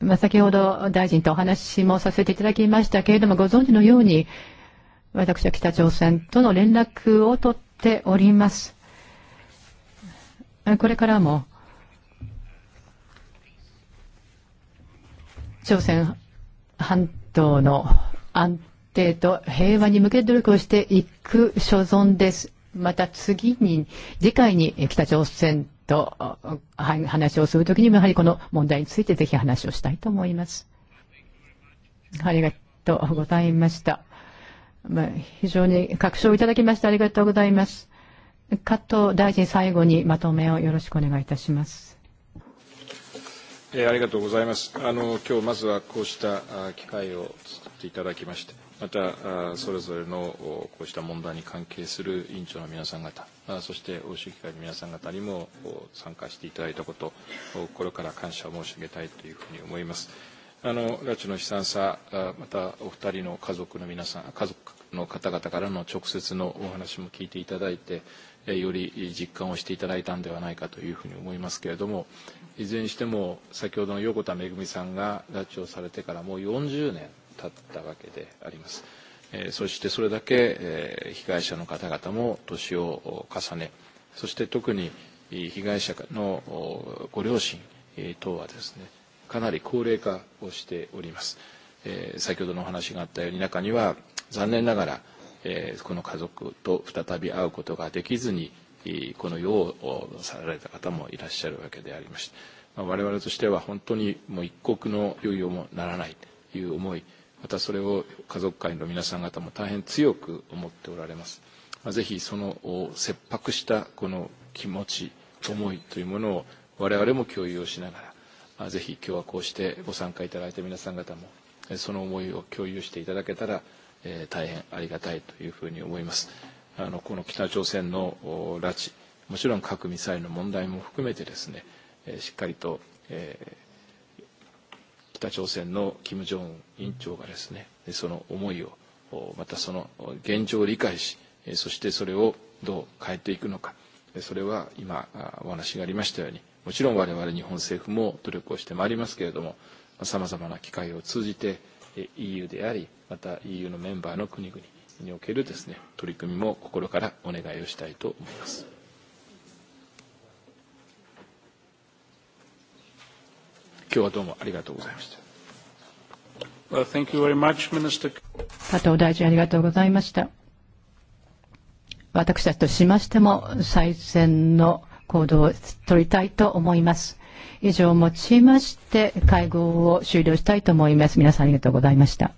B: まあ、先ほど大臣とお話もさせていただきましたけれども、ご存知のように、私は北朝鮮との連絡を取っております。これからも、朝鮮半島の安定と平和に向け努力をしていく所存です。また次に、次回に北朝鮮と話をするときにもやはりこの問題についてぜひ話をしたいと思います。ありがとうございました。まあ、非常に確証いただきましてありがとうございます。加藤大臣最後にまとめをよろしくお願いいたします。
D: えー、ありがとうございます。あの今日まずはこうした機会を作っていただきまして、またそれぞれのこうした問題に関係する委員長の皆さん方、そして欧州機会の皆さん方にも参加していただいたこと、心から感謝を申し上げたいというふうに思います。あの拉致の悲惨さ、またお二人の家族の皆さん、家族の方々からの直接のお話も聞いていただいて、より実感をしていただいたんではないかというふうに思いますけれどもいずれにしても先ほどの横田めぐみさんが拉致をされてからもう40年経ったわけであります。そしてそれだけ被害者の方々も年を重ねそして特に被害者のご両親等はですねかなり高齢化をしております。先ほどのお話があったように中には残念ながらえー、この家族と再び会うことができずに、この世を去られた方もいらっしゃるわけでありました。まあ、我々としては本当にもう一刻の猶予もならないという思い、またそれを家族会の皆さん方も大変強く思っておられます。まあ、ぜひその切迫したこの気持ち、思いというものを我々も共有をしながら、まあ、ぜひ今日はこうしてご参加いただいた皆さん方も、その思いを共有していただけたらえー、大変ありがたいというふうに思います。あのこの北朝鮮の拉致、もちろん核・ミサイルの問題も含めてですね、えー、しっかりと、えー、北朝鮮の金正恩委員長がですね、その思いを、またその現状を理解し、そしてそれをどう変えていくのか、それは今お話がありましたように、もちろん我々日本政府も努力をしてまいりますけれども、さまざまな機会を通じて、EU e であり、また EU のメンバーの国々におけるですね、取り組みも心からお願いをしたいと思います。今日はどうもありがとうございました。
A: Well, thank you very much, Minister.
B: 加藤大臣ありがとうございました。私たちとしましても最善の行動を取りたいと思います。以上をもちまして、会合を終了したいと思います。皆さんありがとうございました。